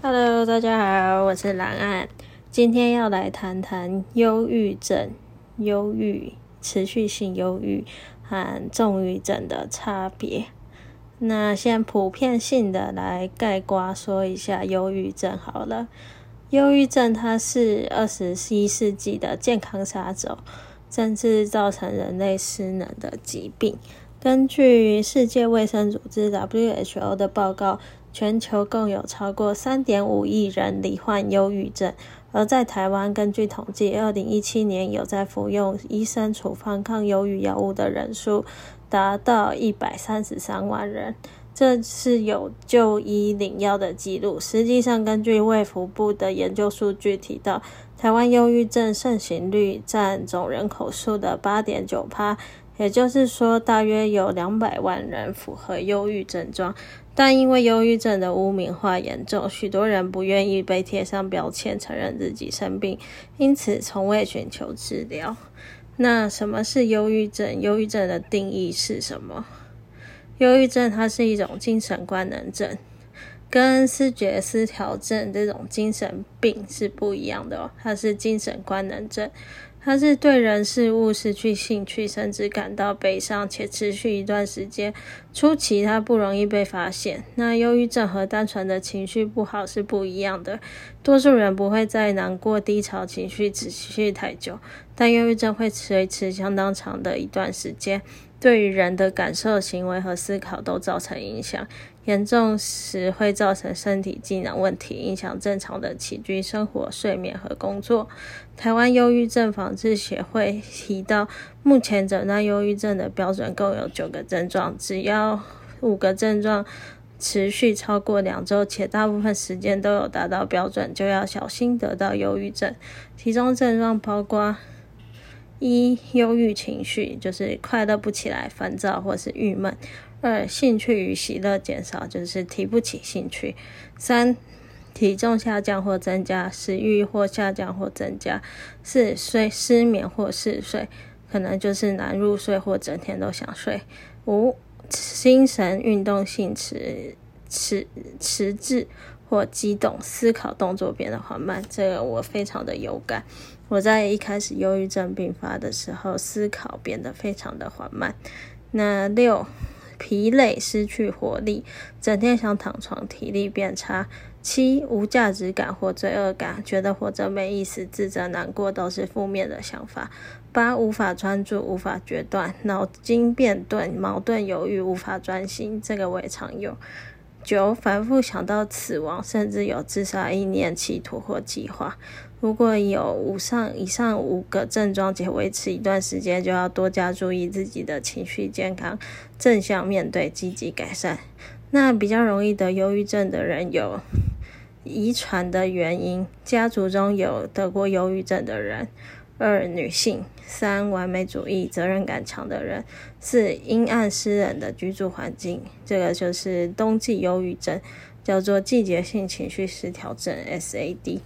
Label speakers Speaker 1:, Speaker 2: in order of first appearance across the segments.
Speaker 1: Hello，大家好，我是蘭岸，今天要來談談憂鬱症、憂鬱、持續性憂鬱和重鬱症的差別。那先普遍性的來概括說一下憂鬱症好了。憂鬱症它是二十一世紀的健康殺手，甚至造成人類失能的疾病。根據世界衛生組織 WHO 的報告，全球共有超過三點五億人罹患憂鬱症，而在台灣，根據統計，二零一七年有在服用醫生處方抗憂鬱藥物的人數達到一百三十三萬人，這是有就醫領藥的記錄。實際上，根據衛福部的研究數據提到，台灣憂鬱症盛行率占總人口數的八點九趴，也就是說，大約有兩百萬人符合憂鬱症狀，但因為憂鬱症的污名化嚴重，許多人不願意被貼上標籤，承認自己生病，因此從未尋求治療。那什麼是憂鬱症？憂鬱症的定義是什麼？憂鬱症它是一種精神官能症，跟思覺失調症這種精神病是不一樣的哦，它是精神官能症。它是對人事物失去興趣，甚至感到悲傷，且持續一段時間。初期它不容易被發現。那憂鬱症和單純的情緒不好是不一樣的。多數人不會再難過低潮情緒持續太久，但憂鬱症會持，維持相當長的一段時間。對於人的感受、行為和思考都造成影響，嚴重時會造成身體機能問題，影響正常的起居生活、睡眠和工作。台灣憂鬱症防治協會提到，目前診斷憂鬱症的標準共有九個症狀，只要五個症狀持續超過兩周，且大部分時間都有達到標準，就要小心得到憂鬱症。其中症狀包括。一、憂鬱情緒，就是快樂不起來，煩躁或是鬱悶；二、興趣與喜樂減少，就是提不起興趣；三、體重下降或增加，食慾或下降或增加；四、睡失眠或嗜睡，可能就是難入睡或整天都想睡；五、精神運動性遲遲遲滯或激動，思考動作變得緩慢。這個我非常的有感。我在一開始憂鬱症病發的時候，思考變得非常的緩慢。那六，疲累，失去活力，整天想躺床，體力變差。七，無價值感或罪惡感，覺得活着沒意思，自責、難過都是負面的想法。八，無法專注，無法決斷，腦筋變鈍，矛盾猶豫，無法專心。這個我也常用。九，反復想到死亡，甚至有自殺意念、企圖或計劃。如果有五上以上五個症狀且維持一段時間，就要多加注意自己的情緒健康，正向面對，積極改善。那比較容易得憂鬱症的人有：遺傳的原因，家族中有得過憂鬱症的人；二、女性；三、完美主義、責任感強的人；四、陰暗濕冷的居住環境。這個就是冬季憂鬱症，叫做季節性情緒失調症 （SAD）。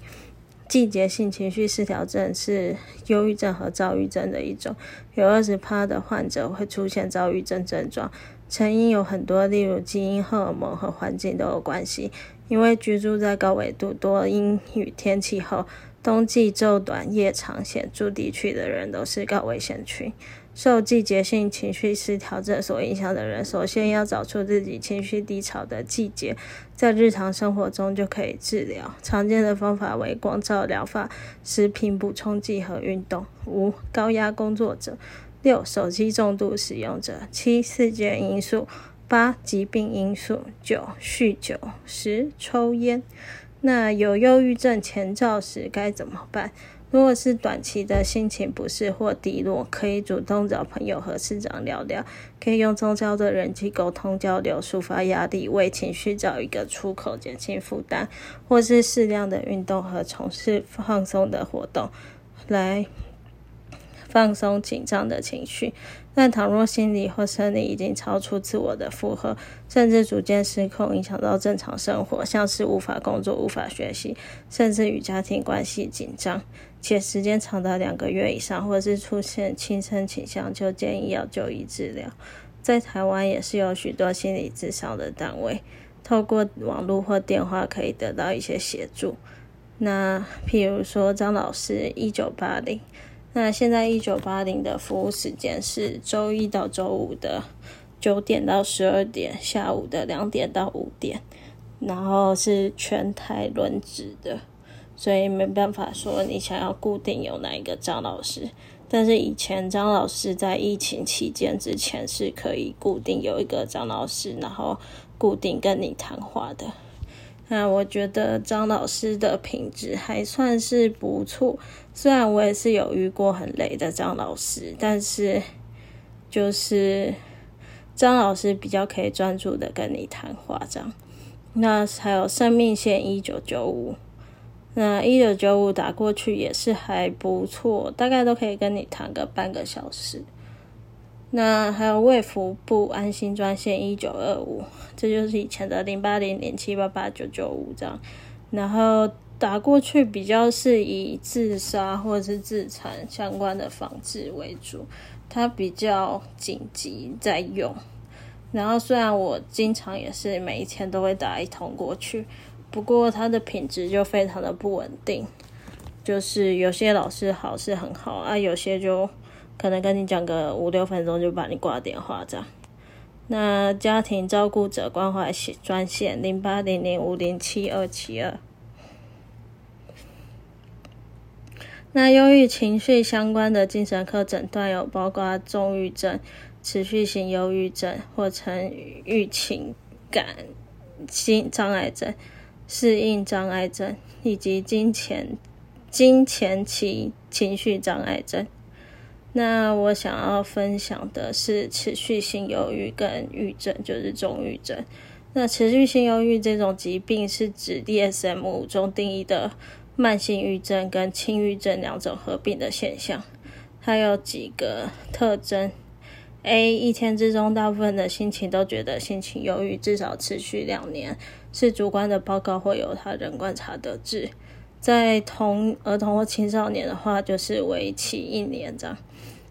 Speaker 1: 季節性情緒失調症是憂鬱症和躁鬱症的一種，有二十趴的患者會出現躁鬱症症狀。成因有很多，例如基因、荷爾蒙和環境都有關係。因為居住在高緯度、多陰雨天氣後，冬季晝短夜長顯著地區的人都是高危險群。受季節性情緒失調症所影響的人，首先要找出自己情緒低潮的季節，在日常生活中就可以治療。常見的方法為光照療法、食品補充劑和運動。五、高壓工作者。六、手機重度使用者。七、事件因素。八、疾病因素。九、酗酒。十、抽菸。那有憂鬱症前兆時該怎麼辦？如果是短期的心情不適或低落，可以主動找朋友和師長聊聊，可以用周遭的人際溝通交流抒發壓力，為情緒找一個出口，減輕負擔，或是適量的運動和從事放鬆的活動，來。放鬆緊張的情緒，但倘若心理或生理已經超出自我的負荷，甚至逐漸失控，影響到正常生活，像是無法工作、無法學習，甚至與家庭關係緊張，且時間長達兩個月以上，或是出現輕生傾向，就建議要就醫治療。在台灣也是有許多心理諮商的單位，透過網絡或電話可以得到一些協助。那譬如說張老師一九八零。1980, 那現在一九八零的服務時間是周一到周五的九點到十二點，下午的兩點到五點，然後是全台輪值的，所以沒辦法說你想要固定有哪一個張老師，但是以前張老師在疫情期間之前是可以固定有一個張老師，然後固定跟你談話的。那我覺得張老師的品質還算是不錯，雖然我也是有遇過很雷的張老師，但是就是張老師比較可以專注的跟你談話這樣。那還有生命線1995，那1995打過去也是還不錯，大概都可以跟你談個半個小時。那還有衛福部安心專線一九二五，這就是以前的零八零零七八八九九五這樣，然後打過去比較是以自殺或者是自殘相關的防治為主，它比較緊急在用。然後雖然我經常也是每一天都會打一通過去，不過它的品質就非常的不穩定，就是有些老師好是很好啊，有些就。可能跟你講個五六分鐘就把你掛電話，這樣。那家庭照顧者關懷專線零八零零五零七二七二。那憂鬱情緒相關的精神科診斷有包括重鬱症、持續性憂鬱症，或稱鬱情感性障礙症、適應障礙症，以及經前經前期情緒障礙症。那我想要分享的是持續性憂鬱跟鬱症，就是重鬱症。那持續性憂鬱這種疾病是指 DSM 五中定義的慢性鬱症跟輕鬱症兩種合併的現象。它有幾個特徵：A 一天之中大部分的心情都覺得心情憂鬱，至少持續兩年，是主觀的報告或由他人觀察得知。在同兒童或青少年的話，就是為期一年這樣。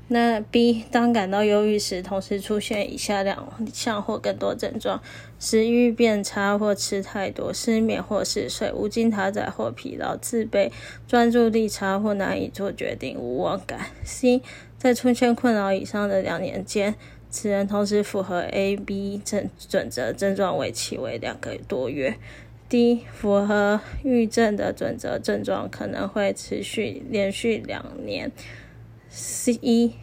Speaker 1: 那 B 當感到憂鬱時，同時出現以下兩項或更多症狀：食欲變差或吃太多，失眠或嗜睡，無精打采或疲勞，自卑，專注力差或難以做決定，無望感。C 在出現困擾以上的兩年間，此人同時符合 A B 正準則症狀，為期為兩個多月。D 符合抑鬱症的準則，症狀可能會持續連續兩年。C 一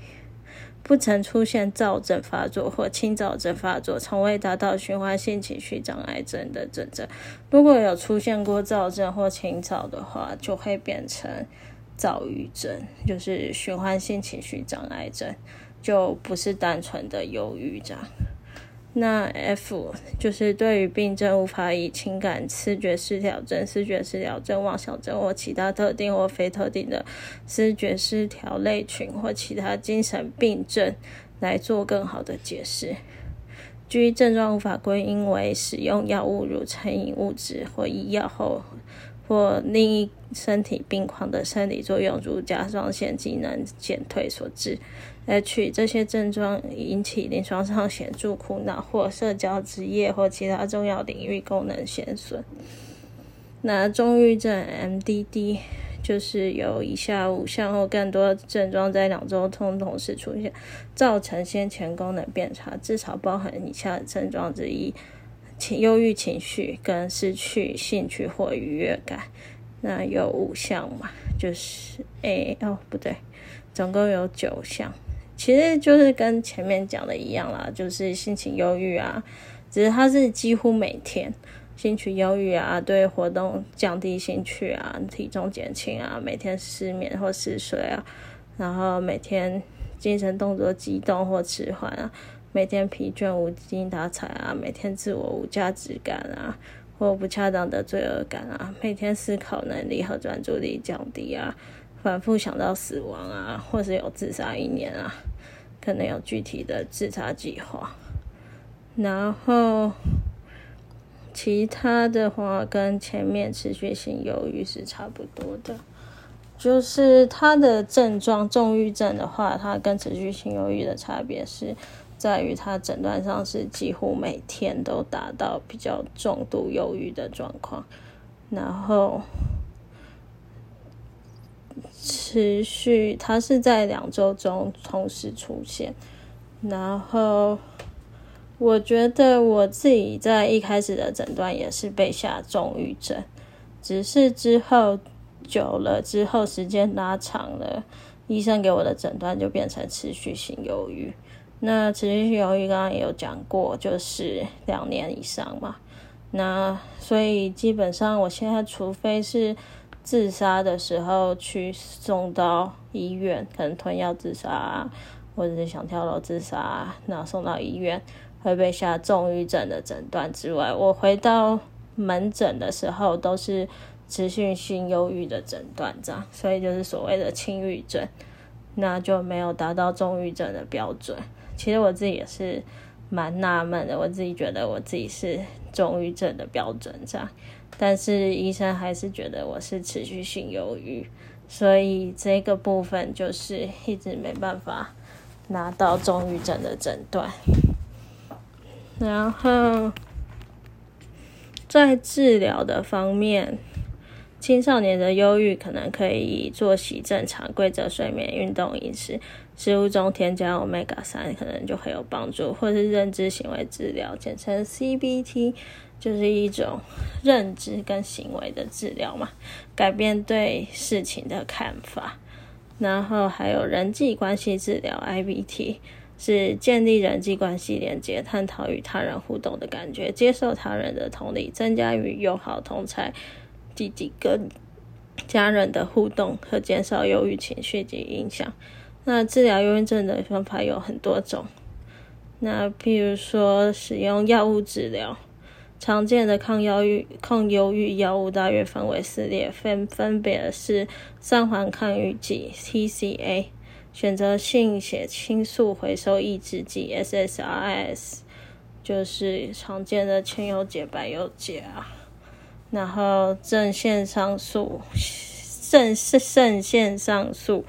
Speaker 1: 不曾出現躁症發作或輕躁症發作，從未達到循環性情緒障礙症的準則。如果有出現過躁症或輕躁的話，就會變成躁鬱症，就是循環性情緒障礙症，就不是單純的憂鬱症。那 F 就是對於病症，無法以情感思覺失調症、思覺失調症、妄想症或其他特定或非特定的思覺失調類群或其他精神病症來做更好的解釋。G 症狀無法症狀無法歸因為使用藥物、如成癮物質或醫藥後。或另一身體病況的生理作用，如甲狀腺機能減退所致，而且這些症狀引起臨床上顯著苦惱或社交職業，職業或其他重要領域功能減損。那重鬱症 （MDD） 就是有以下五項或更多症狀在兩周中同時出現，造成先前功能變差，至少包含以下症狀之一。情憂鬱情緒跟失去興趣或愉悅感，那有五項嘛？就是，哎、欸，哦，不對，總共有九項。其實就是跟前面講的一樣啦，就是心情憂鬱啊，只是它是幾乎每天。心情憂鬱啊，對活動降低興趣啊，體重減輕啊，每天失眠或嗜睡啊，然後每天精神動作激動或遲緩啊。每天疲倦、無精打采啊，每天自我無價值感啊，或不恰當的罪惡感啊，每天思考能力和專注力降低啊，反覆想到死亡啊，或是有自殺意念啊，可能有具體的自殺計劃。然後其他的話跟前面持續性憂鬱是差不多的，就是它的症狀，重鬱症的話，它跟持續性憂鬱的差別是。在於他診斷上是幾乎每天都達到比較重度憂鬱的狀況，然後持續，他是在兩周中同時出現，然後我覺得我自己在一開始的診斷也是被下重鬱症，只是之後久了之後時間拉長了，醫生給我的診斷就變成持續性憂鬱。那持續性憂鬱剛剛也有講過，就是兩年以上嘛。那所以基本上我現在，除非是自殺的時候去送到醫院，可能吞藥自殺啊，或者是想跳樓自殺啊，然後送到醫院會被下重鬱症的診斷之外，我回到門診的時候都是持續性憂鬱的診斷這樣，所以就是所謂的輕鬱症，那就沒有達到重鬱症的標準。其實我自己也是蠻納悶的，我自己覺得我自己是重鬱症的標準這樣，但是醫生還是覺得我是持續性憂鬱，所以這個部分就是一直沒辦法拿到重鬱症的診斷。然後在治療的方面。青少年的憂鬱可能可以作息正常、規則睡眠、運動、飲食，食物中添加 Omega-3 可能就很有幫助，或是認知行為治療，簡稱 CBT，就是一種認知跟行為的治療嘛，改變對事情的看法，然後還有人際關係治療 IBT，是建立人際關係連接，探討與他人互動的感覺，接受他人的同理，增加與友好同儕積極跟家人的互動，和減少憂鬱情緒及影響。那治療憂鬱症的方法有很多種，那譬如說使用藥物治療，常見的抗憂鬱、抗憂鬱藥物大約分為四類，分分別是三環抗抑鬱劑 （TCA）、CCA，選擇性血清素回收抑制劑 SSRIs，就是常見的千憂解、百憂解啊。然後正正，正腎上腺素、正是正腎上腺素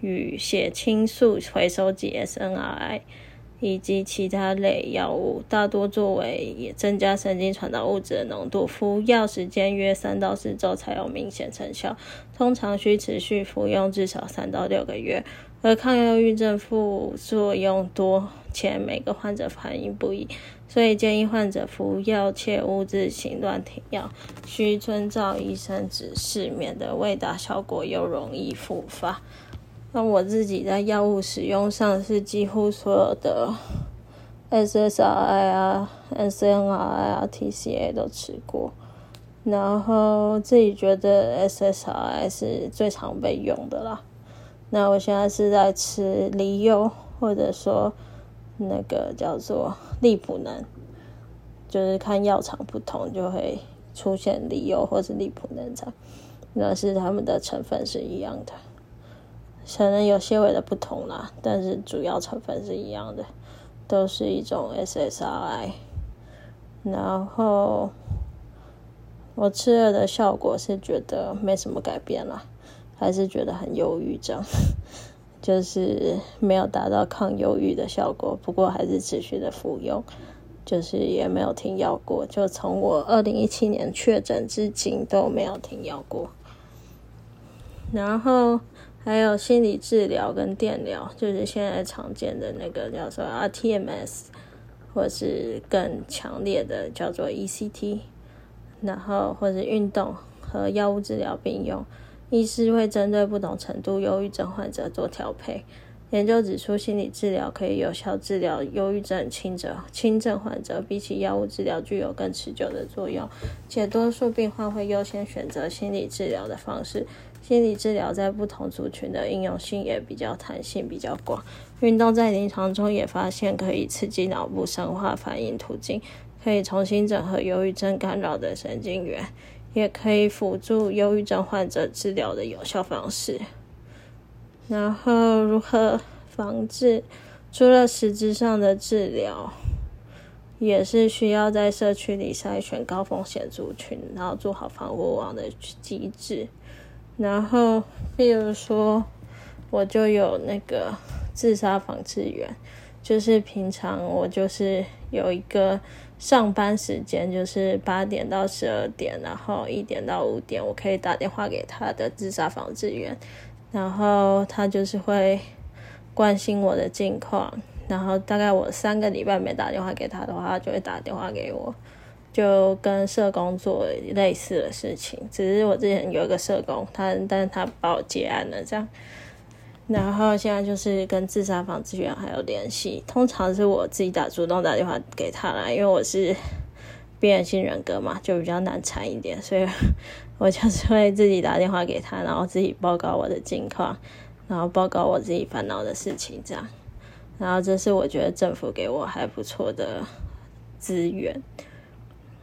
Speaker 1: 與血清素回收劑 S N R I。SNRI 以及其他類藥物，大多作為也增加神經傳導物質的濃度。服藥時間約三到四周才有明顯成效，通常需持續服用至少三到六個月。而抗憂鬱症副作用多且每個患者反應不一，所以建議患者服藥切勿自行亂停藥，需遵照醫生指示，免得未達效果又容易復發。那我自己在藥物使用上是幾乎所有的 SSRI 啊、SNRI 啊、TCA 都吃過，然後自己覺得 SSRI 是最常被用的啦。那我現在是在吃離憂，或者說那個叫做立普能，就是看藥廠不同就會出現離憂或是立普能廠，那是它們的成分是一樣的。可能有些微的不同啦，但是主要成分是一樣的，都是一種 SSRI。然後我吃了的效果是覺得沒什麼改變啦，還是覺得很憂鬱症，就是沒有達到抗憂鬱的效果。不過還是持續的服用，就是也沒有停藥過，就從我二零一七年確診至今都沒有停藥過。然後。還有心理治療跟電療，就是現在常見的那個叫做 RTMS，或者是更強烈的叫做 ECT，然後或者是運動和藥物治療並用。醫師會針對不同程度憂鬱症患者做調配。研究指出，心理治療可以有效治療憂鬱症輕症、輕症患者，比起藥物治療具有更持久的作用，且多數病患會優先選擇心理治療的方式。心理治療在不同族群的應用性也比較彈性，比較廣。運動在臨床中也發現可以刺激腦部生化反應途徑，可以重新整合憂鬱症干擾的神經元，也可以輔助憂鬱症患者治療的有效方式。然後如何防治？除了實質上的治療，也是需要在社區裡篩選高風險族群，然後做好防護網的機制。然後，例如說，我就有那個自殺防治員，就是平常我就是有一個上班時間，就是八點到十二點，然後一點到五點，我可以打電話給他的自殺防治員，然後他就是會關心我的近況，然後大概我三個禮拜沒打電話給他的話，他就會打電話給我。就跟社工做類似的事情，只是我之前有一個社工，他但是他把我結案了這樣，然後現在就是跟自殺防資源還有聯繫，通常是我自己打主動打電話給他啦，因為我是邊緣性人格嘛，就比較難纏一點，所以我就是會自己打電話給他，然後自己報告我的近況，然後報告我自己煩惱的事情這樣，然後這是我覺得政府給我還不錯的資源。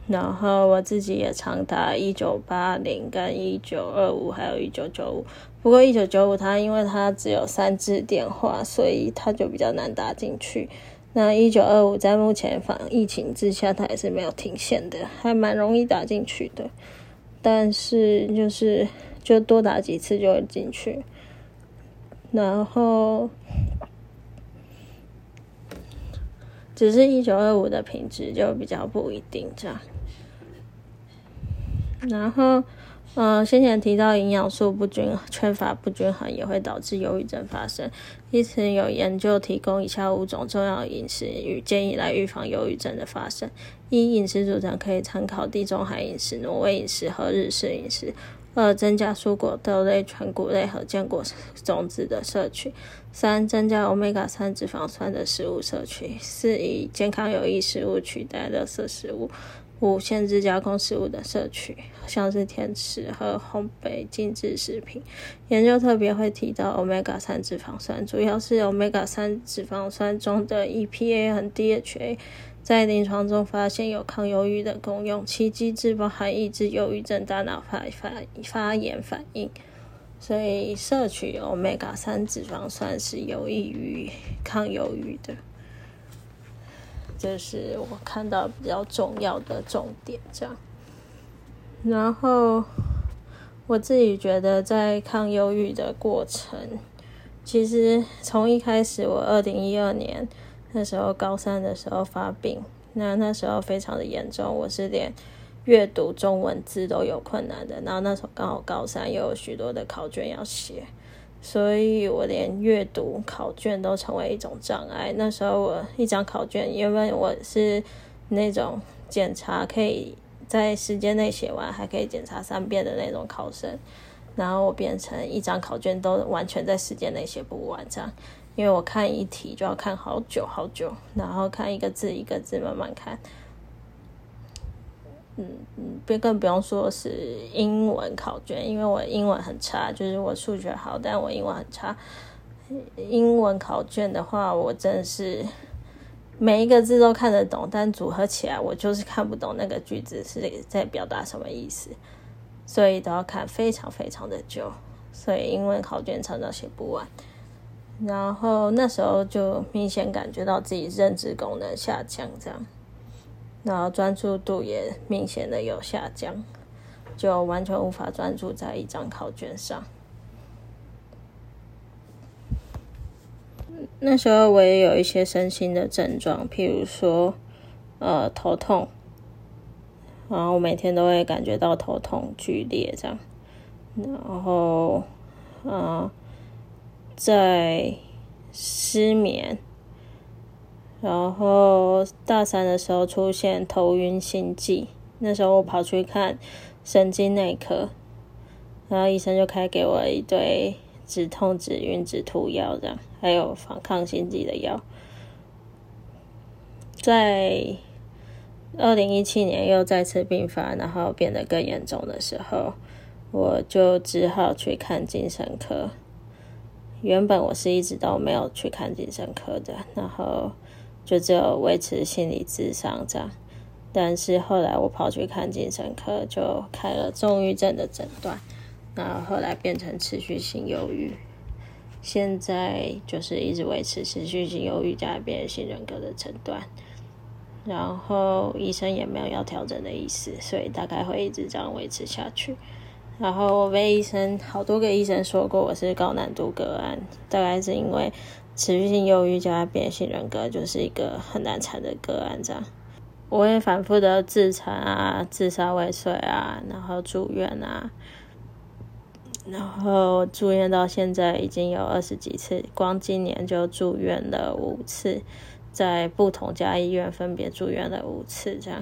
Speaker 1: 然後我自己也常打一九八零跟一九二五，還有一九九五。不過一九九五它因為它只有三支電話，所以它就比較難打進去。那一九二五在目前防疫情之下，它也是沒有停線的，還蠻容易打進去的。但是就是就多打幾次就會進去。然後，只是一九二五的品質就比較不一定這樣。然後，呃，先前提到營養素不均衡、缺乏不均衡也會導致憂鬱症發生。因此，有研究提供以下五種重要飲食與建議來預防憂鬱症的發生：一、飲食組成可以參考地中海飲食、挪威飲食和日式飲食；二、增加蔬果、豆類、全穀類和堅果種子的攝取；三、增加 Omega-3 脂肪酸的食物攝取；四、以健康有益食物取代垃圾食物。五、限制加工食物的攝取，像是甜食和烘焙精緻食品。研究特別會提到 Omega 三脂肪酸，主要是 Omega 三脂肪酸中的 EPA 和 DHA，在臨床中發現有抗憂鬱的功用。其機制包含抑制憂鬱症大腦發發發炎反應，所以攝取 Omega 三脂肪酸是有益於抗憂鬱的。這、就是我看到比較重要的重點這樣，然後我自己覺得在抗憂鬱的過程，其實從一開始我二零一二年那時候高三的時候發病，那那時候非常的嚴重，我是連閱讀中文字都有困難的，然後那時候剛好高三又有許多的考卷要寫。所以我連閱讀考卷都成為一種障礙。那時候我一張考卷，因為我是那種檢查可以在時間內寫完，還可以檢查三遍的那種考生，然後我變成一張考卷都完全在時間內寫不完，這樣，因為我看一題就要看好久好久，然後看一個字一個字慢慢看。嗯別，更不用說是英文考卷，因為我英文很差，就是我數學好，但我英文很差。英文考卷的話，我真是每一個字都看得懂，但組合起來我就是看不懂那個句子是在表達什麼意思，所以都要看非常非常的久，所以英文考卷常常寫不完。然後那時候就明顯感覺到自己認知功能下降，這樣。然後專注度也明顯的有下降，就完全無法專注在一張考卷上。那時候我也有一些身心的症狀，譬如說，呃，頭痛，然後我每天都會感覺到頭痛劇烈這樣，然後，啊、呃，在失眠。然後大三的時候出現頭暈心悸，那時候我跑去看神經內科，然後醫生就開給我一堆止痛、止暈、止吐藥這樣，還有防抗心悸的藥。在二零一七年又再次病發，然後變得更嚴重的時候，我就只好去看精神科。原本我是一直都沒有去看精神科的，然後。就只有維持心理諮商這樣，但是後來我跑去看精神科，就開了重鬱症的診斷，然後後來變成持續性憂鬱，現在就是一直維持持續性憂鬱加邊緣性人格的診斷，然後醫生也沒有要調整的意思，所以大概會一直這樣維持下去。然後我被醫生好多個醫生說過我是高難度個案，大概是因為。持續性憂鬱加變性人格就是一個很難纏的個案。這樣，我也反覆的自殘啊、自殺未遂啊，然後住院啊，然後住院到現在已經有二十幾次，光今年就住院了五次，在不同家醫院分別住院了五次。這樣，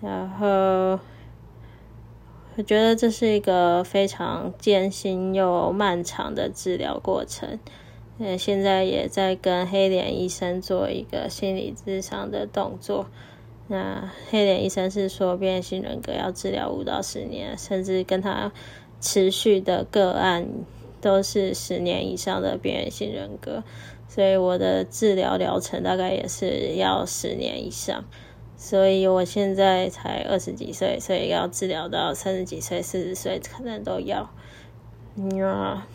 Speaker 1: 然後我覺得這是一個非常艱辛又漫長的治療過程。呃，現在也在跟黑臉醫生做一個心理諮商的動作。那黑臉醫生是說，邊緣性人格要治療五到十年，甚至跟他持續的個案都是十年以上的邊緣性人格，所以我的治療療程大概也是要十年以上。所以我現在才二十幾歲，所以要治療到三十幾歲、四十歲可能都要。嗯、啊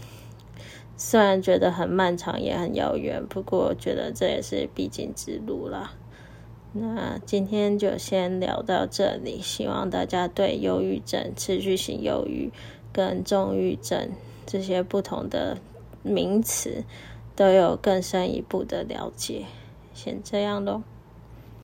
Speaker 1: 雖然覺得很漫長，也很遙遠，不過我覺得這也是必經之路啦。那今天就先聊到這裡，希望大家對憂鬱症、持續性憂鬱跟重鬱症這些不同的名詞都有更深一步的了解。先這樣咯。